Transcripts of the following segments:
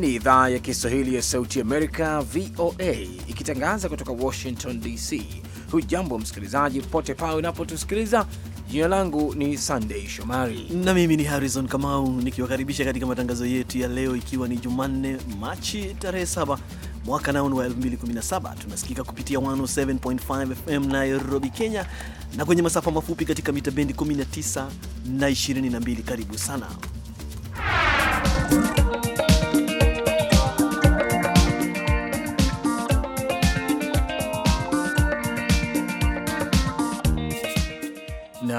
ni idhaa ya Kiswahili ya Sauti Amerika, VOA, ikitangaza kutoka Washington DC. Hujambo msikilizaji, popote pale unapotusikiliza. Jina langu ni sandei Shomari na mimi ni Harrison Kamau nikiwakaribisha katika matangazo yetu ya leo, ikiwa ni Jumanne Machi tarehe 7 mwaka naunu wa 2017. Tunasikika kupitia 107.5 FM Nairobi, Kenya, na kwenye masafa mafupi katika mita bendi 19 na 22. Karibu sana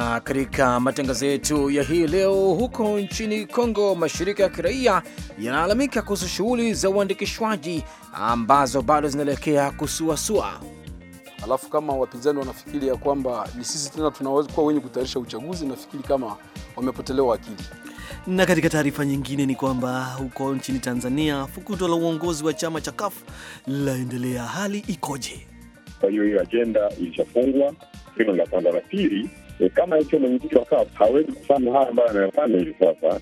Na katika matangazo yetu ya hii leo, huko nchini Kongo, mashirika ya kiraia yanalalamika kuhusu shughuli za uandikishwaji ambazo bado zinaelekea kusuasua. Alafu kama wapinzani wanafikiri ya kwamba ni sisi tena tunakuwa wenye kutayarisha uchaguzi, nafikiri kama wamepotelewa akili. Na katika taarifa nyingine ni kwamba huko nchini Tanzania fukuto la uongozi wa chama cha CUF linaendelea, hali ikoje? Kwa hiyo hiyo ajenda ilishafungwa, hilo la kwanza. La pili E, kama hicho mwenyekiti wa CUF hawezi kufanya haya ambayo anayofanya hivi sasa.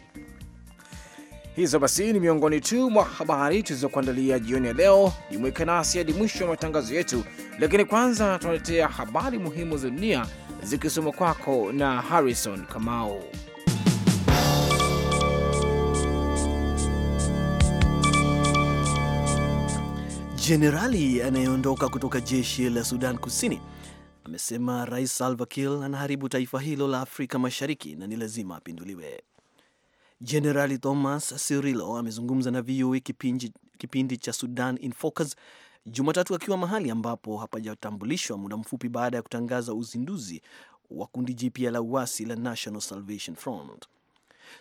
Hizo basi ni miongoni tu mwa habari tulizokuandalia jioni ya leo. Jumuika nasi hadi mwisho wa matangazo yetu, lakini kwanza tunaletea habari muhimu za dunia zikisoma kwako na Harrison Kamau. Jenerali anayeondoka kutoka jeshi la Sudan Kusini amesema Rais Salva Kiir anaharibu taifa hilo la Afrika Mashariki na ni lazima apinduliwe. Jenerali Thomas Sirilo amezungumza na VOA kipindi, kipindi cha Sudan in Focus Jumatatu akiwa mahali ambapo hapajatambulishwa, muda mfupi baada ya kutangaza uzinduzi wa kundi jipya la uasi la National Salvation Front.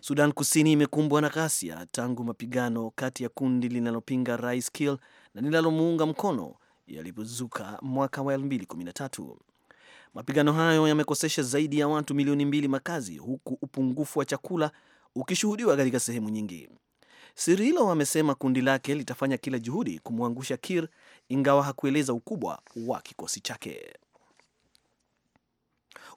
Sudan Kusini imekumbwa na ghasia tangu mapigano kati ya kundi linalopinga Rais Kiir na linalomuunga mkono yalipozuka mwaka wa 2013. Mapigano hayo yamekosesha zaidi ya watu milioni mbili makazi huku upungufu wa chakula ukishuhudiwa katika sehemu nyingi. Sirilo amesema kundi lake litafanya kila juhudi kumwangusha Kir, ingawa hakueleza ukubwa wa kikosi chake.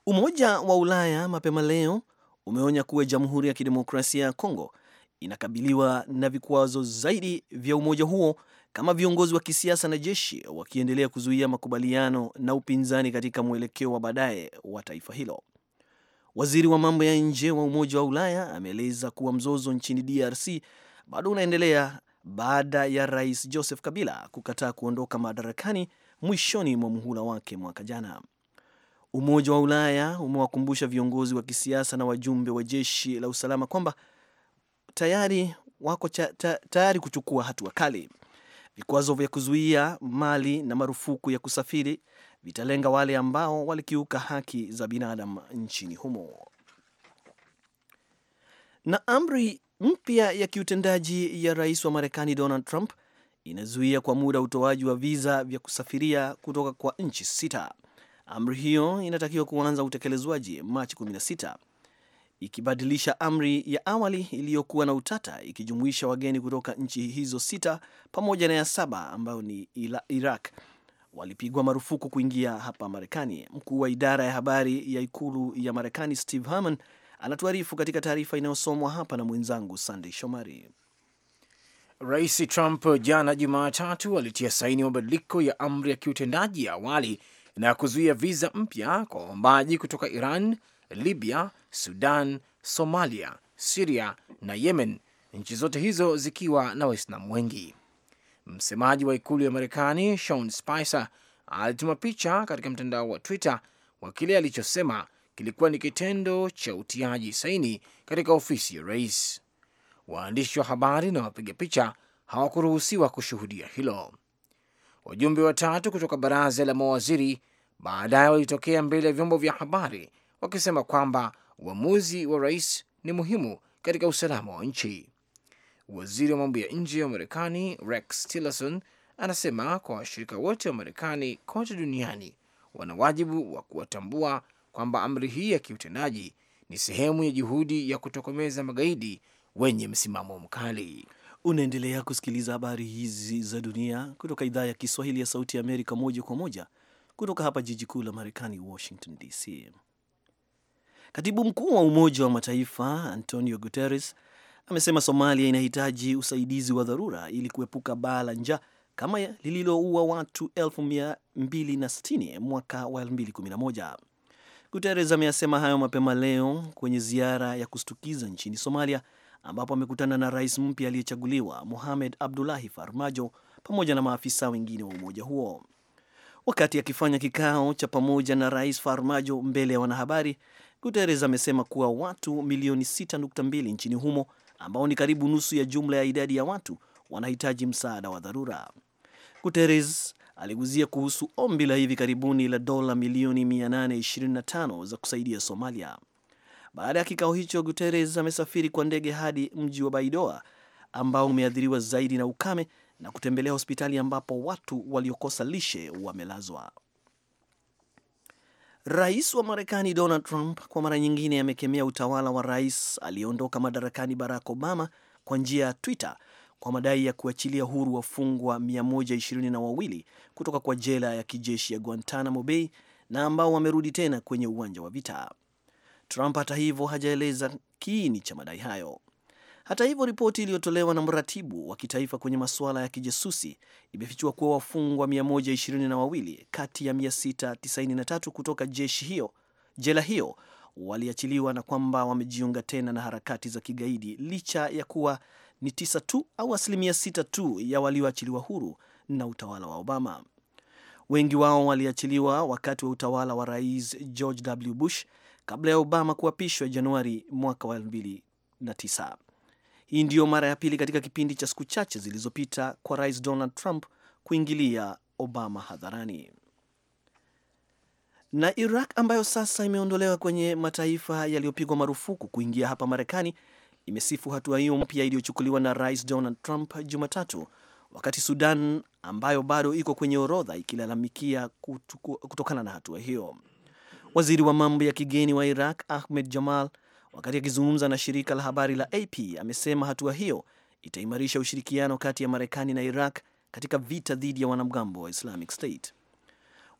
Umoja wa Ulaya mapema leo umeonya kuwa Jamhuri ya Kidemokrasia ya Kongo inakabiliwa na vikwazo zaidi vya umoja huo kama viongozi wa kisiasa na jeshi wakiendelea kuzuia makubaliano na upinzani katika mwelekeo wa baadaye wa taifa hilo. Waziri wa mambo ya nje wa Umoja wa Ulaya ameeleza kuwa mzozo nchini DRC bado unaendelea baada ya Rais Joseph Kabila kukataa kuondoka madarakani mwishoni mwa muhula wake mwaka jana. Umoja wa Ulaya umewakumbusha viongozi wa kisiasa na wajumbe wa jeshi la usalama kwamba tayari wako cha, ta, tayari kuchukua hatua kali. Vikwazo vya kuzuia mali na marufuku ya kusafiri vitalenga wale ambao walikiuka haki za binadamu nchini humo. Na amri mpya ya kiutendaji ya rais wa Marekani Donald Trump inazuia kwa muda utoaji wa viza vya kusafiria kutoka kwa nchi sita. Amri hiyo inatakiwa kuanza utekelezwaji Machi 16 ikibadilisha amri ya awali iliyokuwa na utata ikijumuisha wageni kutoka nchi hizo sita pamoja na ya saba ambayo ni Iraq walipigwa marufuku kuingia hapa Marekani. Mkuu wa idara ya habari ya ikulu ya Marekani Steve Herman anatuarifu katika taarifa inayosomwa hapa na mwenzangu Sandey Shomari. Rais Trump jana Jumatatu alitia saini mabadiliko ya amri ya kiutendaji ya awali na kuzuia viza mpya kwa waombaji kutoka Iran, Libya, Sudan, Somalia, Siria na Yemen, nchi zote hizo zikiwa na Waislamu wengi. Msemaji wa ikulu ya Marekani Sean Spicer alituma picha katika mtandao wa Twitter wa kile alichosema kilikuwa ni kitendo cha utiaji saini katika ofisi ya rais. Waandishi wa habari na wapiga picha hawakuruhusiwa kushuhudia hilo. Wajumbe watatu kutoka baraza la mawaziri baadaye walitokea mbele ya vyombo vya habari wakisema kwamba uamuzi wa rais ni muhimu katika usalama wa nchi. Waziri wa mambo ya nje wa Marekani Rex Tillerson anasema kwa washirika wote wa Marekani kote duniani wana wajibu wa kuwatambua kwamba amri hii ya kiutendaji ni sehemu ya juhudi ya kutokomeza magaidi wenye msimamo mkali. Unaendelea kusikiliza habari hizi za dunia kutoka idhaa ya Kiswahili ya Sauti ya Amerika, moja kwa moja kutoka hapa jiji kuu la Marekani, Washington DC. Katibu mkuu wa Umoja wa Mataifa Antonio Guterres amesema Somalia inahitaji usaidizi wa dharura ili kuepuka baa la njaa kama lililoua watu 260,000 mwaka wa 2011. Guterres ameyasema hayo mapema leo kwenye ziara ya kustukiza nchini Somalia ambapo amekutana na rais mpya aliyechaguliwa Mohamed Abdullahi Farmajo pamoja na maafisa wengine wa umoja huo. Wakati akifanya kikao cha pamoja na rais Farmajo mbele ya wanahabari, Guterres amesema kuwa watu milioni 6.2 nchini humo ambao ni karibu nusu ya jumla ya idadi ya watu wanahitaji msaada wa dharura. Guterres aliguzia kuhusu ombi la hivi karibuni la dola milioni 825 za kusaidia Somalia. Baada ya kikao hicho, Guterres amesafiri kwa ndege hadi mji wa Baidoa ambao umeathiriwa zaidi na ukame na kutembelea hospitali ambapo watu waliokosa lishe wamelazwa. Rais wa Marekani Donald Trump kwa mara nyingine amekemea utawala wa rais aliyeondoka madarakani Barack Obama kwa njia ya Twitter kwa madai ya kuachilia huru wafungwa 122 kutoka kwa jela ya kijeshi ya Guantanamo Bay na ambao wamerudi tena kwenye uwanja wa vita. Trump hata hivyo hajaeleza kiini cha madai hayo. Hata hivyo, ripoti iliyotolewa na mratibu wa kitaifa kwenye masuala ya kijasusi imefichua kuwa wafungwa 122 kati ya 693 kutoka jeshi hiyo, jela hiyo waliachiliwa na kwamba wamejiunga tena na harakati za kigaidi licha ya kuwa ni tisa tu au asilimia sita tu ya walioachiliwa huru na utawala wa Obama. Wengi wao waliachiliwa wakati wa utawala wa Rais George W. Bush kabla ya Obama kuapishwa Januari mwaka wa 2009. Hii ndiyo mara ya pili katika kipindi cha siku chache zilizopita kwa Rais Donald Trump kuingilia Obama hadharani. Na Iraq ambayo sasa imeondolewa kwenye mataifa yaliyopigwa marufuku kuingia hapa Marekani imesifu hatua hiyo mpya iliyochukuliwa na Rais Donald Trump Jumatatu, wakati Sudan ambayo bado iko kwenye orodha ikilalamikia kutokana na hatua hiyo. Waziri wa mambo ya kigeni wa Iraq Ahmed Jamal Wakati akizungumza na shirika la habari la AP, amesema hatua hiyo itaimarisha ushirikiano kati ya Marekani na Iraq katika vita dhidi ya wanamgambo wa Islamic State.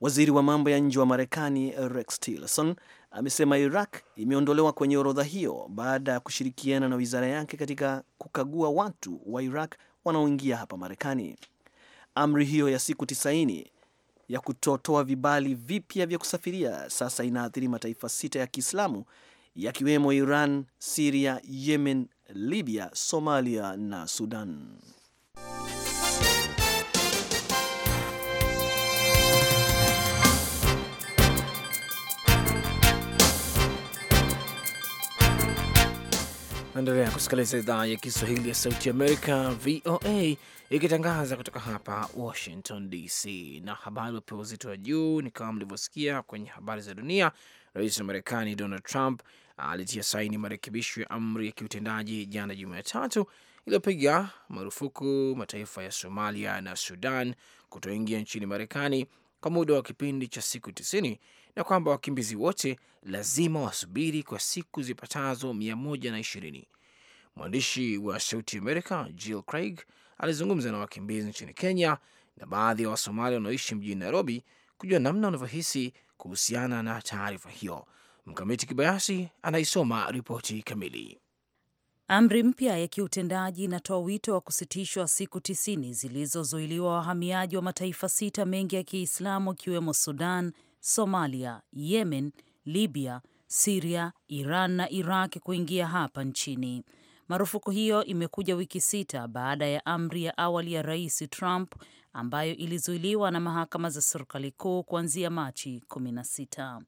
Waziri wa mambo ya nje wa Marekani Rex Tillerson amesema Iraq imeondolewa kwenye orodha hiyo baada ya kushirikiana na wizara yake katika kukagua watu wa Iraq wanaoingia hapa Marekani. Amri hiyo ya siku 90 ya kutotoa vibali vipya vya kusafiria sasa inaathiri mataifa sita ya Kiislamu yakiwemo Iran, Siria, Yemen, Libya, Somalia na Sudan. Naendelea kusikiliza idhaa ya Kiswahili ya Sauti Amerika, VOA, ikitangaza kutoka hapa Washington DC. Na habari wapewa uzito wa juu ni kama mlivyosikia kwenye habari za dunia Rais wa Marekani Donald Trump alitia saini marekebisho ya amri ya kiutendaji jana Jumatatu iliyopiga marufuku mataifa ya Somalia na Sudan kutoingia nchini Marekani kwa muda wa kipindi cha siku tisini na kwamba wakimbizi wote lazima wasubiri kwa siku zipatazo mia moja na ishirini. Mwandishi wa Sauti Amerika Jill Craig alizungumza na wakimbizi nchini Kenya na baadhi ya wasomalia wanaoishi mjini Nairobi kujua namna wanavyohisi kuhusiana na taarifa hiyo. Mkamiti Kibayasi anaisoma ripoti kamili. Amri mpya ya kiutendaji inatoa wito wa kusitishwa siku tisini zilizozuiliwa wahamiaji wa mataifa sita mengi ya Kiislamu ikiwemo Sudan, Somalia, Yemen, Libya, Siria, Iran na Iraq kuingia hapa nchini. Marufuku hiyo imekuja wiki sita baada ya amri ya awali ya Rais Trump ambayo ilizuiliwa na mahakama za serikali kuu kuanzia Machi 16.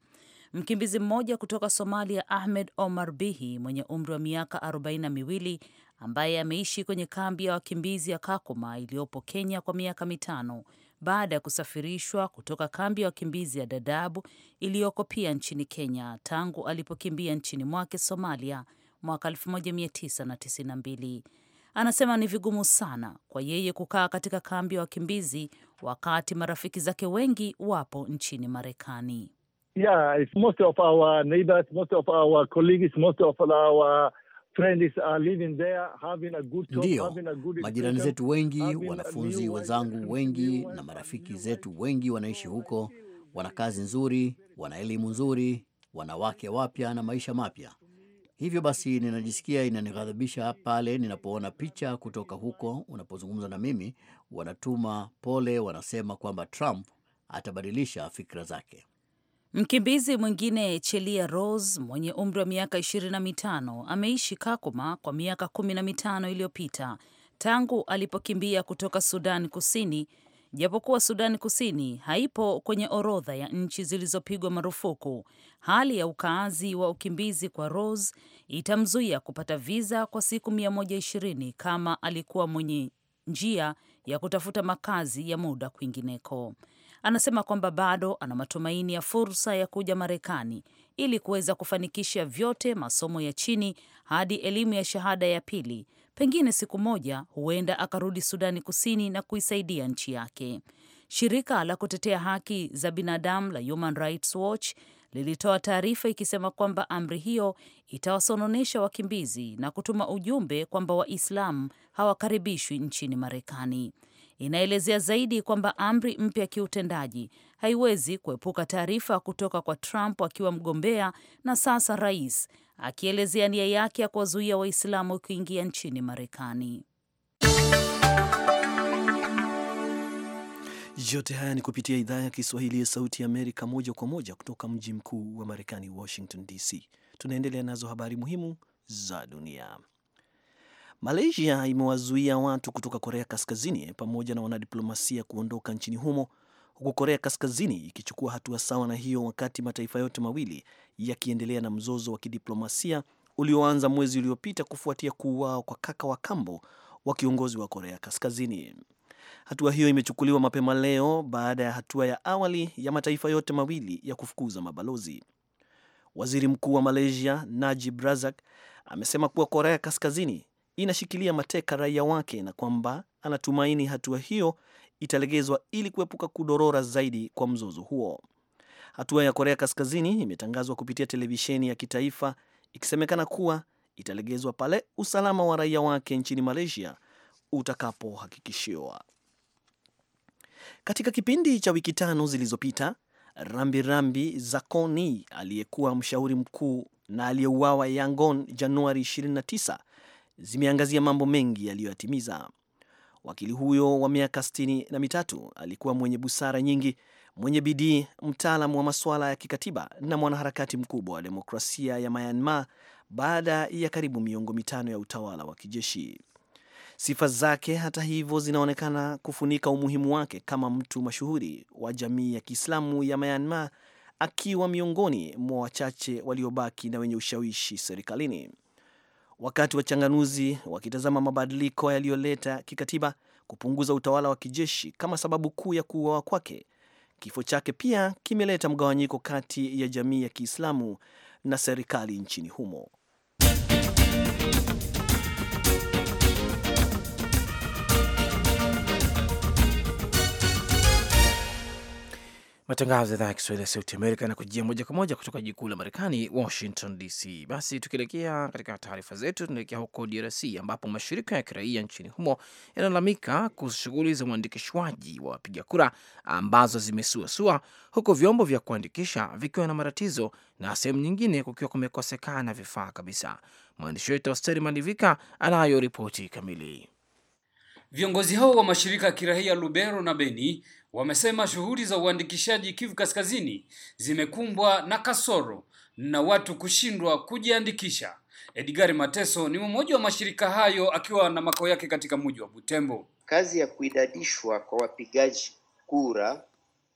Mkimbizi mmoja kutoka Somalia, Ahmed Omar Bihi, mwenye umri wa miaka 4 miwili ambaye ameishi kwenye kambi ya wakimbizi ya Kakuma iliyopo Kenya kwa miaka mitano baada ya kusafirishwa kutoka kambi ya wakimbizi ya Dadabu iliyoko pia nchini Kenya tangu alipokimbia nchini mwake Somalia mwaka 1992. Anasema ni vigumu sana kwa yeye kukaa katika kambi ya wa wakimbizi wakati marafiki zake wengi wapo nchini Marekani. Ndiyo, majirani zetu wengi, wanafunzi wenzangu wengi na marafiki zetu wengi wanaishi huko, wana kazi nzuri, wana elimu nzuri, wanawake wapya na maisha mapya. Hivyo basi ninajisikia inanighadhabisha pale ninapoona picha kutoka huko. Unapozungumza na mimi, wanatuma pole, wanasema kwamba Trump atabadilisha fikra zake. Mkimbizi mwingine Chelia Rose mwenye umri wa miaka 25 ameishi Kakuma kwa miaka 15 iliyopita tangu alipokimbia kutoka Sudan Kusini Japokuwa sudani Kusini haipo kwenye orodha ya nchi zilizopigwa marufuku, hali ya ukaazi wa ukimbizi kwa Rose itamzuia kupata viza kwa siku 120 kama alikuwa mwenye njia ya kutafuta makazi ya muda kwingineko. Anasema kwamba bado ana matumaini ya fursa ya kuja Marekani ili kuweza kufanikisha vyote, masomo ya chini hadi elimu ya shahada ya pili Pengine siku moja huenda akarudi Sudani Kusini na kuisaidia nchi yake. Shirika la kutetea haki za binadamu la Human Rights Watch lilitoa taarifa ikisema kwamba amri hiyo itawasononesha wakimbizi na kutuma ujumbe kwamba Waislamu hawakaribishwi nchini Marekani. Inaelezea zaidi kwamba amri mpya ya kiutendaji haiwezi kuepuka taarifa kutoka kwa Trump akiwa mgombea na sasa rais akielezea nia yake ya kuwazuia Waislamu kuingia nchini Marekani. Yote haya ni kupitia idhaa ya Kiswahili ya Sauti ya Amerika, moja kwa moja kutoka mji mkuu wa Marekani, Washington DC. Tunaendelea nazo habari muhimu za dunia. Malaysia imewazuia watu kutoka Korea Kaskazini pamoja na wanadiplomasia kuondoka nchini humo huku Korea Kaskazini ikichukua hatua sawa na hiyo, wakati mataifa yote mawili yakiendelea na mzozo wa kidiplomasia ulioanza mwezi uliopita kufuatia kuuawa kwa kaka wa kambo wa kiongozi wa Korea Kaskazini. Hatua hiyo imechukuliwa mapema leo baada ya hatua ya awali ya mataifa yote mawili ya kufukuza mabalozi. Waziri Mkuu wa Malaysia Najib Razak amesema kuwa Korea Kaskazini inashikilia mateka raia wake na kwamba anatumaini hatua hiyo italegezwa ili kuepuka kudorora zaidi kwa mzozo huo. Hatua ya Korea Kaskazini imetangazwa kupitia televisheni ya kitaifa ikisemekana kuwa italegezwa pale usalama wa raia wake nchini Malaysia utakapohakikishiwa. Katika kipindi cha wiki tano zilizopita, rambirambi za Koni aliyekuwa mshauri mkuu na aliyeuawa Yangon Januari 29 zimeangazia mambo mengi yaliyoyatimiza. Wakili huyo wa miaka sitini na mitatu alikuwa mwenye busara nyingi, mwenye bidii, mtaalam wa masuala ya kikatiba na mwanaharakati mkubwa wa demokrasia ya Myanmar baada ya karibu miongo mitano ya utawala wa kijeshi. Sifa zake hata hivyo zinaonekana kufunika umuhimu wake kama mtu mashuhuri wa jamii ya Kiislamu ya Myanmar, akiwa miongoni mwa wachache waliobaki na wenye ushawishi serikalini wakati wachanganuzi wakitazama mabadiliko yaliyoleta kikatiba kupunguza utawala wa kijeshi kama sababu kuu ya kuuawa kwake. Kifo chake pia kimeleta mgawanyiko kati ya jamii ya Kiislamu na serikali nchini humo. Matangazo ya idhaa ya Kiswahili ya Sauti Amerika na kujia moja kwa moja kutoka jikuu la Marekani, Washington DC. Basi tukielekea katika taarifa zetu, tunaelekea huko DRC ambapo mashirika ya kiraia nchini humo yanalalamika kuhusu shughuli za uandikishwaji wa wapiga kura ambazo zimesuasua, huku vyombo vya kuandikisha vikiwa na matatizo na sehemu nyingine kukiwa kumekosekana vifaa kabisa. Mwandishi wetu Austeri Malivika anayo ripoti kamili. Viongozi hao wa mashirika ya kiraia Lubero na Beni wamesema shughuli za uandikishaji Kivu Kaskazini zimekumbwa na kasoro na watu kushindwa kujiandikisha. edgar Mateso ni mmoja wa mashirika hayo akiwa na makao yake katika mji wa Butembo. Kazi ya kuidadishwa kwa wapigaji kura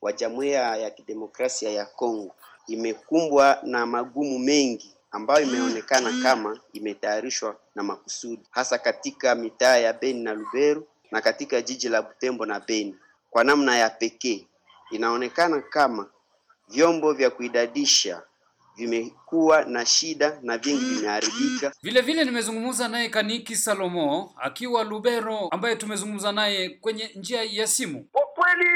wa Jamhuri ya Kidemokrasia ya Kongo imekumbwa na magumu mengi ambayo imeonekana kama imetayarishwa na makusudi, hasa katika mitaa ya Beni na Lubero na katika jiji la Butembo na Beni. Kwa namna ya pekee, inaonekana kama vyombo vya kuidadisha vimekuwa na shida na vingi vimeharibika. Vile vile nimezungumza naye Kaniki Salomo akiwa Lubero, ambaye tumezungumza naye kwenye njia ya simu. Kwa kweli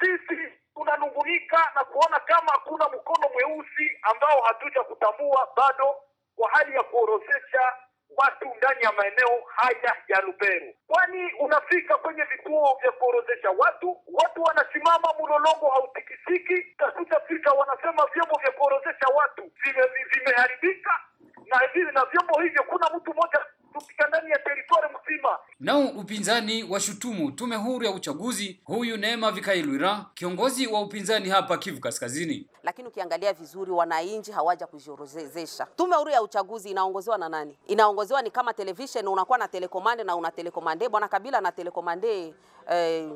sisi tunanungunika na kuona kama hakuna mkono mweusi ambao hatuja kutambua bado kwa hali ya kuorozesha watu ndani ya maeneo haya ya Lubero, kwani unafika kwenye vituo vya kuorozesha watu, watu wanasimama, mlolongo hautikisiki. Tasuti fika, wanasema vyombo vya kuorozesha watu vimeharibika, hivi na vyombo hivyo, kuna mtu mmoja tupika ndani ya teritori mzima. Nao upinzani wa shutumu tume huru ya uchaguzi. Huyu Neema Vikailwira, kiongozi wa upinzani hapa Kivu Kaskazini, ukiangalia vizuri, wananchi hawaja kujiorozesha. Tume huru ya uchaguzi inaongozewa na nani? Inaongozewa ni kama television, unakuwa na telekomande na una telekomande bwana Kabila na telekomande eh,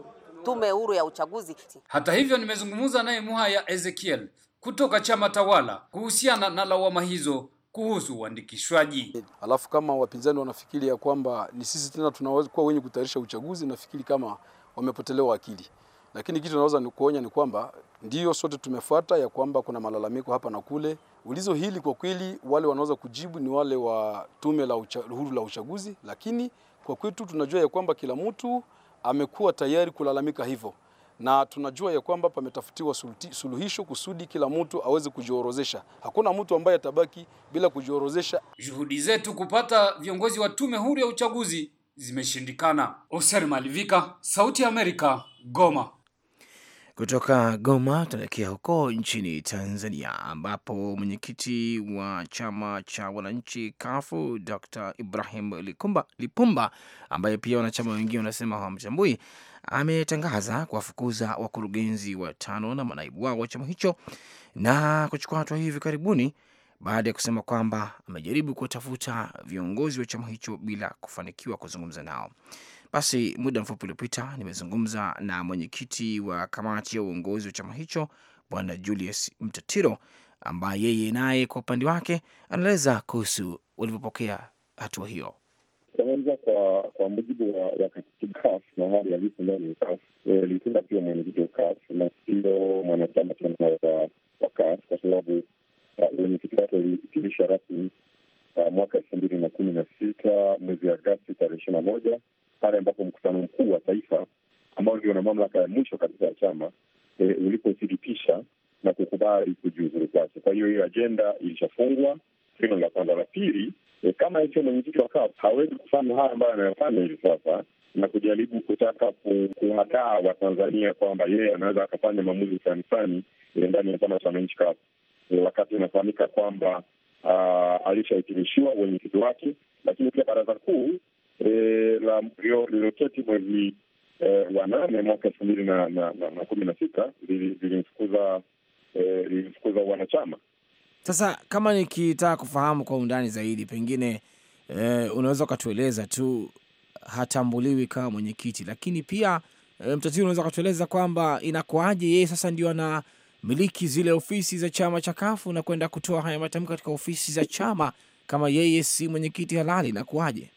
tume huru ya uchaguzi. Hata hivyo, nimezungumza naye Muhaya Ezekiel kutoka chama tawala kuhusiana na lawama hizo kuhusu uandikishwaji. Alafu kama wapinzani wanafikiri ya kwamba ni sisi tena tunaweza kuwa wenye kutayarisha uchaguzi, nafikiri kama wamepotelewa akili. Lakini kitu naweza nikuonya ni kwamba ndio sote tumefuata ya kwamba kuna malalamiko hapa na kule. Ulizo hili kwa kweli, wale wanaweza kujibu ni wale wa tume la huru la uchaguzi, lakini kwa kwetu tunajua ya kwamba kila mtu amekuwa tayari kulalamika hivyo, na tunajua ya kwamba pametafutiwa suluhisho kusudi kila mtu aweze kujiorozesha. Hakuna mtu ambaye atabaki bila kujiorozesha. Juhudi zetu kupata viongozi wa tume huru ya uchaguzi zimeshindikana. Oser Malivika, Sauti ya Amerika, Goma. Kutoka Goma tunaelekea huko nchini Tanzania, ambapo mwenyekiti wa chama cha wananchi kafu Dr Ibrahim Likumba, Lipumba, ambaye pia wanachama wengine wanasema hawamchambui, ametangaza kuwafukuza wakurugenzi watano na manaibu wao wa chama hicho na kuchukua hatua hivi karibuni baada ya kusema kwamba amejaribu kuwatafuta viongozi wa chama hicho bila kufanikiwa kuzungumza nao. Basi muda mfupi uliopita nimezungumza na mwenyekiti wa kamati ya uongozi wa chama hicho Bwana Julius Mtatiro, ambaye yeye naye kwa upande wake anaeleza kuhusu walivyopokea hatua hiyo. Kwanza kwa kwa mujibu wa katibu kafu na hali halisi ndani ya kafu, eh, ilitenda pia mwenyekiti wa kafu na sio mwanachama tena wa kafu, kwa sababu eh, mwenyekiti wake aliitimisha rasmi eh, mwaka elfu mbili na kumi na sita mwezi Agasti tarehe ishirini na moja pale ambapo mkutano mkuu wa taifa ambao ndio na mamlaka ya mwisho kabisa ya chama e, ulipothibitisha na kukubali kujiuzuru kwake. Kwa hiyo hiyo ajenda ilishafungwa. Hilo la kwanza. La pili, e, kama ikiwa mwenyekiti wa CUF hawezi kufanya haya ambayo anayofanya hivi sasa na kujaribu kutaka kuhadaa Watanzania kwamba yeye anaweza akafanya maamuzi fulani fulani eh, ndani ya chama cha wananchi CUF, wakati inafahamika kwamba ah, alishahitimishiwa uwenyekiti wake, lakini pia baraza kuu e, la lililoketi mwezi e, wa nane mwaka elfu mbili na, na, na, na kumi na sita lilimfukuza e, wanachama. Sasa kama nikitaka kufahamu kwa undani zaidi, pengine e, unaweza ukatueleza tu, hatambuliwi kama mwenyekiti, lakini pia e, mtatizi unaweza ukatueleza kwamba inakuwaje yeye sasa ndio ana miliki zile ofisi za chama cha Kafu na kwenda kutoa haya matamko katika ofisi za chama kama yeye si mwenyekiti halali, inakuwaje?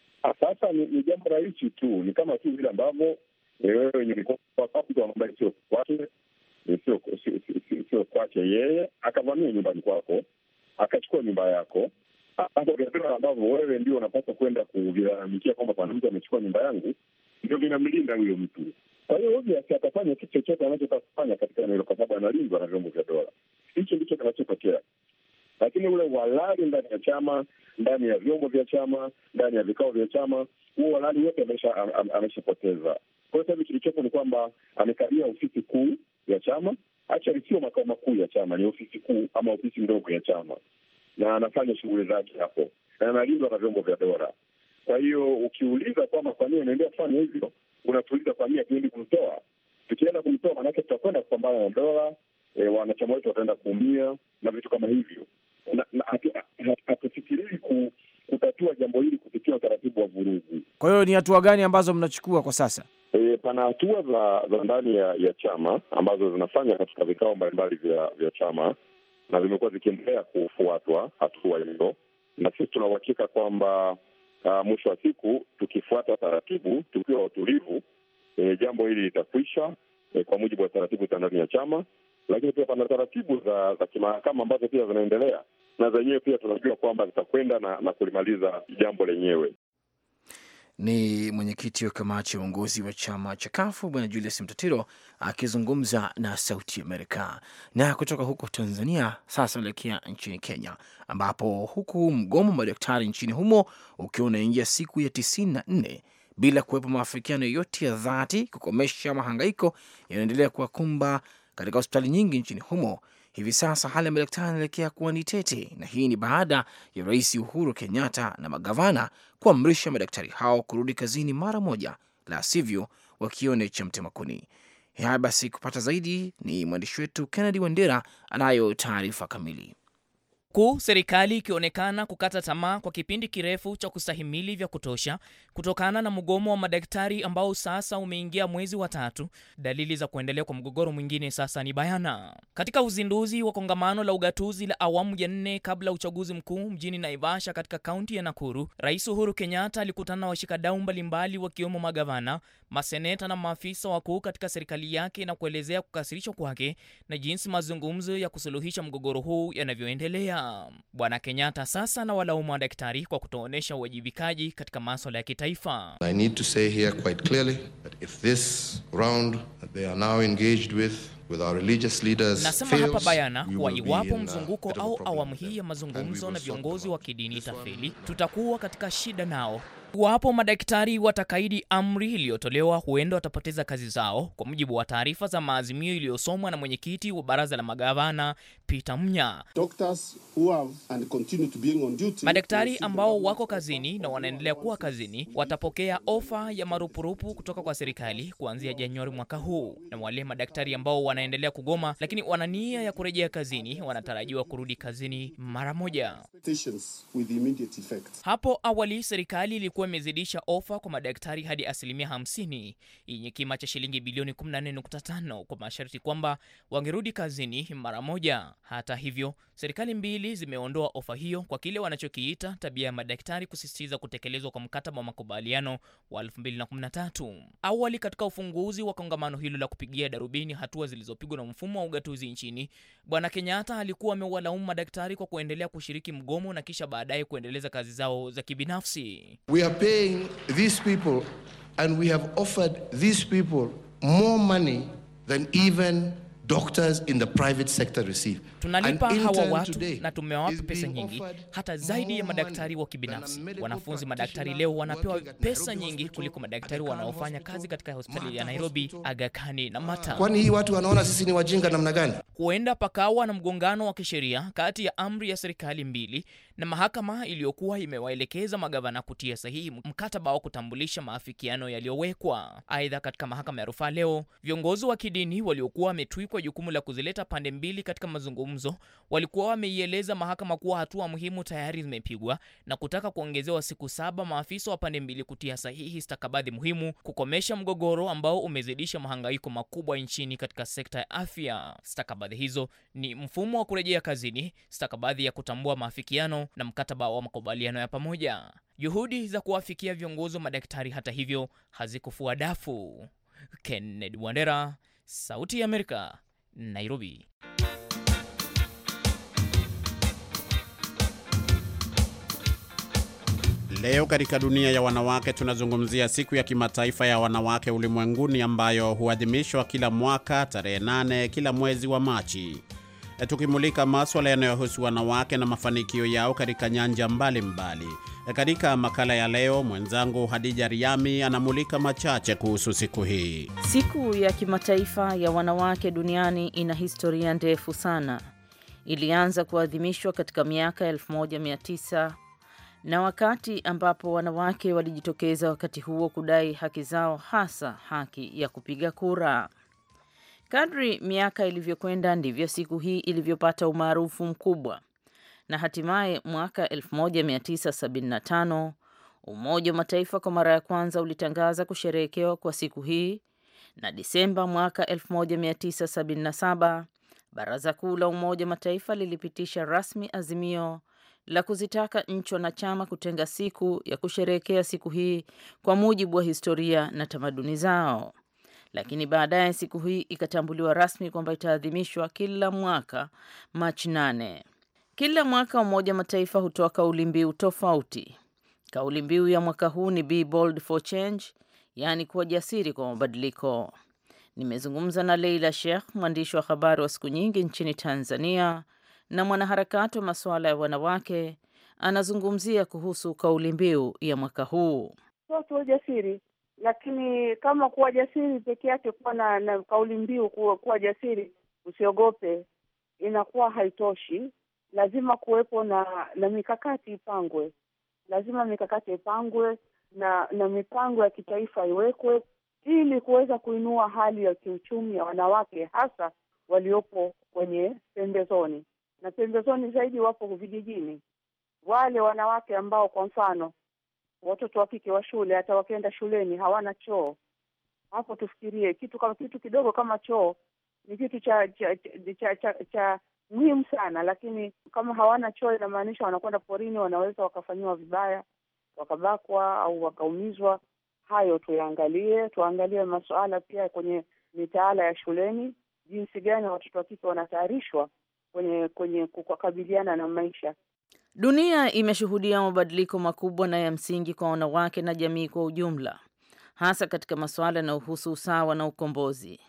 sasa ni, ni jambo rahisi tu, ni kama tu vile ambavyo eh, wewe nyumbani sio kwake, sio kwake yeye, akavamia nyumbani kwako, akachukua nyumba yako, vyakula ambavyo wewe ndio unapaswa kwenda kuvilalamikia kwamba bwana mtu amechukua nyumba yangu, ndio vinamlinda huyo mtu. Kwa hiyo obviously atafanya kitu chochote anachotaka kufanya katika eneo hilo, kwa sababu analindwa na vyombo vya dola. Hicho ndicho kinachotokea lakini ule uhalali ndani ya chama, ndani ya vyombo vya chama, ndani ya vikao vya chama, huo uhalali wote ameshapoteza, am, kwa hiyo sasa hivi kilichopo ni kwamba amekalia ofisi kuu ya chama, actually sio makao makuu ya chama, ni ofisi kuu ama ofisi ndogo ya chama, na anafanya shughuli zake hapo na analindwa na vyombo vya dola. Kwa hiyo ukiuliza kwamba kwa nini anaendelea kufanya hivyo, unatuuliza kwa nini akiendi kumtoa. Tukienda kumtoa, maanake tutakwenda kupambana na dola e, wanachama wetu wataenda kuumia na vitu kama hivyo hatufikirii kutatua jambo hili kupitia utaratibu wa vurugu. Kwa hiyo ni hatua gani ambazo mnachukua kwa sasa? E, pana hatua za, za ndani ya, ya chama ambazo zinafanya katika vikao mbalimbali vya, vya chama na zimekuwa zikiendelea kufuatwa hatua hizo, na sisi tunauhakika kwamba uh, mwisho wa siku tukifuata taratibu tukiwa watulivu, e, jambo hili litakwisha e, kwa mujibu wa taratibu za ndani ya chama lakini pia pana taratibu za za kimahakama ambazo pia zinaendelea na zenyewe pia tunajua kwamba zitakwenda na, na kulimaliza jambo lenyewe. Ni mwenyekiti wa kamati ya uongozi wa chama cha Kafu Bwana Julius Mtatiro akizungumza na Sauti Amerika. Na kutoka huko Tanzania sasa naelekea nchini Kenya, ambapo huku mgomo wa madaktari nchini humo ukiwa unaingia siku ya tisini na nne bila kuwepo maafikiano yoyote ya dhati kukomesha mahangaiko yanaendelea kuwakumba katika hospitali nyingi nchini humo. Hivi sasa hali ya madaktari inaelekea kuwa ni tete, na hii ni baada ya Rais Uhuru Kenyatta na magavana kuamrisha madaktari hao kurudi kazini mara moja, la sivyo wakione cha mtemakuni. Haya basi, kupata zaidi ni mwandishi wetu Kennedy Wandera anayo taarifa kamili huku serikali ikionekana kukata tamaa kwa kipindi kirefu cha kustahimili vya kutosha kutokana na mgomo wa madaktari ambao sasa umeingia mwezi wa tatu. Dalili za kuendelea kwa mgogoro mwingine sasa ni bayana. Katika uzinduzi wa kongamano la ugatuzi la awamu ya nne kabla uchaguzi mkuu mjini Naivasha katika kaunti ya Nakuru, Rais Uhuru Kenyatta alikutana na washikadau mbalimbali wakiwemo magavana, maseneta na maafisa wakuu katika serikali yake na kuelezea kukasirishwa kwake na jinsi mazungumzo ya kusuluhisha mgogoro huu yanavyoendelea. Bwana Kenyatta sasa na walaumu madaktari kwa kutoonyesha uwajibikaji katika maswala ya kitaifa. I need to say here quite clearly that if this round that they are now engaged with With our religious leaders nasema fails, hapa bayana kuwa iwapo mzunguko au awamu hii ya mazungumzo na viongozi wa kidini itafeli, tutakuwa katika shida nao Iwapo madaktari watakaidi amri iliyotolewa, huenda watapoteza kazi zao, kwa mujibu wa taarifa za maazimio iliyosomwa na mwenyekiti wa baraza la magavana Peter Munya. Madaktari ambao wako kazini na wanaendelea kuwa kazini watapokea ofa ya marupurupu kutoka kwa serikali kuanzia Januari mwaka huu, na wale madaktari ambao wanaendelea kugoma lakini wana nia ya kurejea kazini wanatarajiwa kurudi kazini mara moja. Hapo awali serikali ilikuwa imezidisha ofa kwa madaktari hadi asilimia 50 yenye kima cha shilingi bilioni 14.5 kwa masharti kwamba wangerudi kazini mara moja. Hata hivyo, serikali mbili zimeondoa ofa hiyo kwa kile wanachokiita tabia ya madaktari kusisitiza kutekelezwa kwa mkataba wa makubaliano wa 2013. Awali, katika ufunguzi wa kongamano hilo la kupigia darubini hatua zilizopigwa na mfumo wa ugatuzi nchini, Bwana Kenyatta alikuwa amewalaumu madaktari kwa kuendelea kushiriki mgomo na kisha baadaye kuendeleza kazi zao za kibinafsi. We are paying these people and we have offered these people more money than even doctors in the private sector receive. Tunalipa hawa watu na tumewapa pesa nyingi hata zaidi ya madaktari wa kibinafsi. Wanafunzi madaktari leo wanapewa pesa nyingi kuliko madaktari wanaofanya kazi katika hospitali ya Nairobi, Aga Khan na Mata. Kwani hii watu wanaona sisi ni wajinga namna gani? huenda pakawa na mgongano wa kisheria kati ya amri ya serikali mbili na mahakama iliyokuwa imewaelekeza magavana kutia sahihi mkataba wa kutambulisha maafikiano yaliyowekwa. Aidha, katika mahakama ya rufaa leo, viongozi wa kidini waliokuwa wametwikwa jukumu la kuzileta pande mbili katika mazungumzo walikuwa wameieleza mahakama kuwa hatua muhimu tayari zimepigwa na kutaka kuongezewa siku saba maafisa wa pande mbili kutia sahihi stakabadhi muhimu kukomesha mgogoro ambao umezidisha mahangaiko makubwa nchini katika sekta ya afya stakabadhi stakabadhi hizo ni mfumo wa kurejea kazini, stakabadhi ya kutambua maafikiano na mkataba wa makubaliano ya pamoja. Juhudi za kuwafikia viongozi wa madaktari, hata hivyo, hazikufua dafu. Kennedy Wandera, Sauti ya Amerika, Nairobi. Leo katika dunia ya wanawake tunazungumzia siku ya kimataifa ya wanawake ulimwenguni ambayo huadhimishwa kila mwaka tarehe 8 kila mwezi wa Machi, e, tukimulika maswala yanayohusu wanawake na mafanikio yao katika nyanja mbalimbali mbali. E, katika makala ya leo mwenzangu Hadija Riami anamulika machache kuhusu siku hii. Siku ya kimataifa ya wanawake duniani ina historia ndefu sana. Ilianza kuadhimishwa katika miaka 1900 na wakati ambapo wanawake walijitokeza wakati huo kudai haki zao, hasa haki ya kupiga kura. Kadri miaka ilivyokwenda ndivyo siku hii ilivyopata umaarufu mkubwa, na hatimaye mwaka 1975 Umoja wa Mataifa kwa mara ya kwanza ulitangaza kusherehekewa kwa siku hii, na Disemba mwaka 1977 Baraza Kuu la Umoja wa Mataifa lilipitisha rasmi azimio la kuzitaka nchi wanachama kutenga siku ya kusherehekea siku hii kwa mujibu wa historia na tamaduni zao. Lakini baadaye siku hii ikatambuliwa rasmi kwamba itaadhimishwa kila mwaka Machi nane. Kila mwaka Umoja Mataifa hutoa kauli mbiu tofauti. Kauli mbiu ya mwaka huu ni Be Bold for Change, yaani kuwa jasiri kwa mabadiliko. Nimezungumza na Leila Sheikh, mwandishi wa habari wa siku nyingi nchini Tanzania, na mwanaharakati wa masuala ya wanawake anazungumzia kuhusu kauli mbiu ya mwaka huu tuwe jasiri, lakini kama kuwa jasiri peke yake, kuwa na, na kauli mbiu kuwa, kuwa jasiri, usiogope, inakuwa haitoshi. Lazima kuwepo na na mikakati ipangwe, lazima mikakati ipangwe na na mipango ya kitaifa iwekwe ili kuweza kuinua hali ya kiuchumi ya wanawake hasa waliopo kwenye pembezoni na pembezoni zaidi wapo vijijini. Wale wanawake ambao kwa mfano watoto wa kike wa shule hata wakienda shuleni hawana choo, hapo tufikirie kitu kama kitu kidogo kama choo ni kitu cha cha, cha, cha, cha, cha muhimu sana, lakini kama hawana choo inamaanisha wanakwenda porini, wanaweza wakafanyiwa vibaya, wakabakwa au wakaumizwa. Hayo tuyaangalie, tuangalie masuala pia kwenye mitaala ya shuleni, jinsi gani watoto wa kike wanatayarishwa kwenye kwenye kukabiliana na maisha. Dunia imeshuhudia mabadiliko makubwa na ya msingi kwa wanawake na jamii kwa ujumla, hasa katika masuala yanayohusu usawa na ukombozi.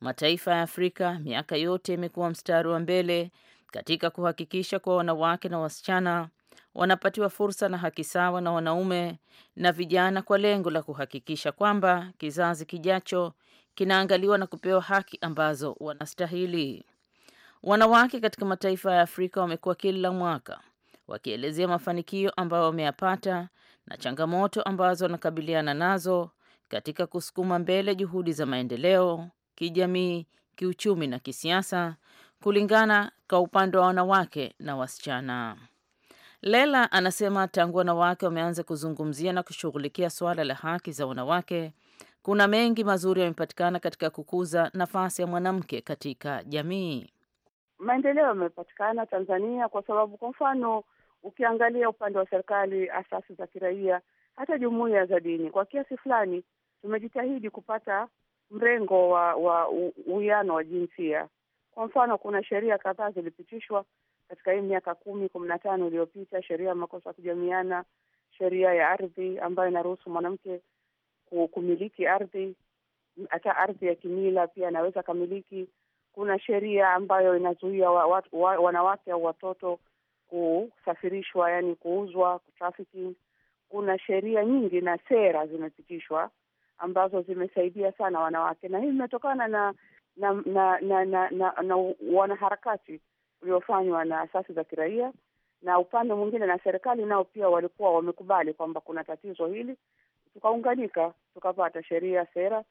Mataifa ya Afrika miaka yote yamekuwa mstari wa mbele katika kuhakikisha kuwa wanawake na wasichana wanapatiwa fursa na haki sawa na wanaume na vijana kwa lengo la kuhakikisha kwamba kizazi kijacho kinaangaliwa na kupewa haki ambazo wanastahili. Wanawake katika mataifa ya Afrika wamekuwa kila mwaka wakielezea mafanikio ambayo wameyapata na changamoto ambazo wanakabiliana nazo katika kusukuma mbele juhudi za maendeleo kijamii, kiuchumi na kisiasa, kulingana kwa upande wa wanawake na wasichana. Lela anasema tangu wanawake wameanza kuzungumzia na kushughulikia suala la haki za wanawake, kuna mengi mazuri yamepatikana katika kukuza nafasi ya mwanamke katika jamii maendeleo yamepatikana Tanzania kwa sababu, kwa mfano, ukiangalia upande wa serikali, asasi za kiraia, hata jumuiya za dini, kwa kiasi fulani tumejitahidi kupata mrengo wa wa uwiano wa jinsia. Kwa mfano, kuna sheria kadhaa zilipitishwa katika hii miaka kumi kumi na tano iliyopita, sheria ya makosa ya kujamiana, sheria ya ardhi ambayo inaruhusu mwanamke kumiliki ardhi, hata ardhi ya kimila pia anaweza kamiliki kuna sheria ambayo inazuia wa, wa, wa, wanawake au watoto kusafirishwa, yani kuuzwa, kutrafficking. Kuna sheria nyingi na sera zimepitishwa ambazo zimesaidia sana wanawake, na hii imetokana na na na na, na, na, na wanaharakati uliofanywa na asasi za kiraia na upande mwingine na serikali nao pia walikuwa wamekubali kwamba kuna tatizo hili, tukaunganika tukapata sheria, sera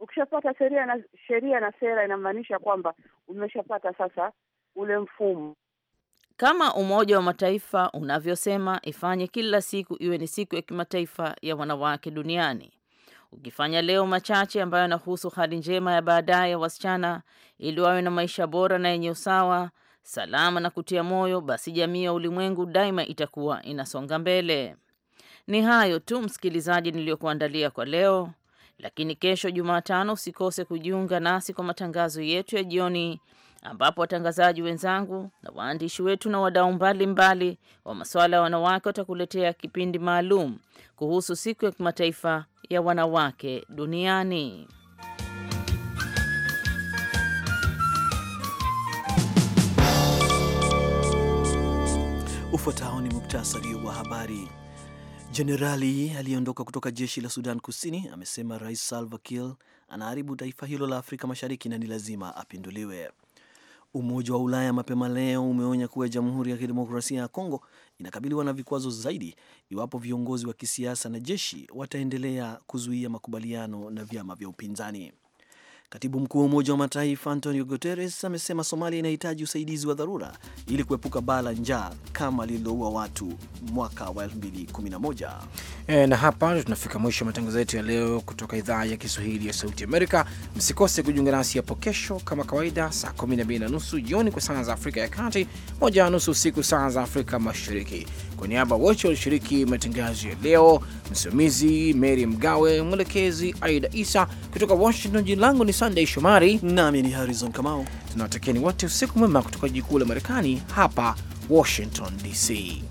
Ukishapata sheria na sheria na sera, inamaanisha kwamba umeshapata sasa ule mfumo kama Umoja wa Mataifa unavyosema ifanye kila siku iwe ni siku ya kimataifa ya wanawake duniani. Ukifanya leo machache ambayo yanahusu hali njema ya baadaye ya wasichana ili wawe na maisha bora na yenye usawa, salama na kutia moyo, basi jamii ya ulimwengu daima itakuwa inasonga mbele. Ni hayo tu msikilizaji, niliyokuandalia kwa leo lakini kesho Jumatano usikose kujiunga nasi kwa matangazo yetu ya jioni, ambapo watangazaji wenzangu na waandishi wetu na wadau mbalimbali wa masuala ya wanawake watakuletea kipindi maalum kuhusu siku ya kimataifa ya wanawake duniani. Ufuatao ni muktasari wa habari. Jenerali aliyeondoka kutoka jeshi la Sudan Kusini amesema Rais Salva Kiir anaharibu taifa hilo la Afrika Mashariki na ni lazima apinduliwe. Umoja wa Ulaya mapema leo umeonya kuwa Jamhuri ya Kidemokrasia ya Kongo inakabiliwa na vikwazo zaidi iwapo viongozi wa kisiasa na jeshi wataendelea kuzuia makubaliano na vyama vya upinzani. Katibu mkuu wa Umoja wa Mataifa Antonio Guterres amesema Somalia inahitaji usaidizi wa dharura ili kuepuka baa la njaa kama lililoua watu mwaka wa 2011. E, na hapa tunafika mwisho matangazo yetu ya leo kutoka idhaa ya Kiswahili ya Sauti Amerika. Msikose kujiunga nasi hapo kesho kama kawaida saa 12 na nusu jioni kwa saa za Afrika ya Kati, moja na nusu usiku saa za Afrika Mashariki. Kwa niaba wote walishiriki matangazo ya leo, msimamizi Mary Mgawe, mwelekezi Aida Isa kutoka Washington. Jina langu ni Sunday Shomari nami ni Harrison Kamau. Tunawatakieni wote usiku mwema kutoka jikuu la Marekani hapa Washington DC.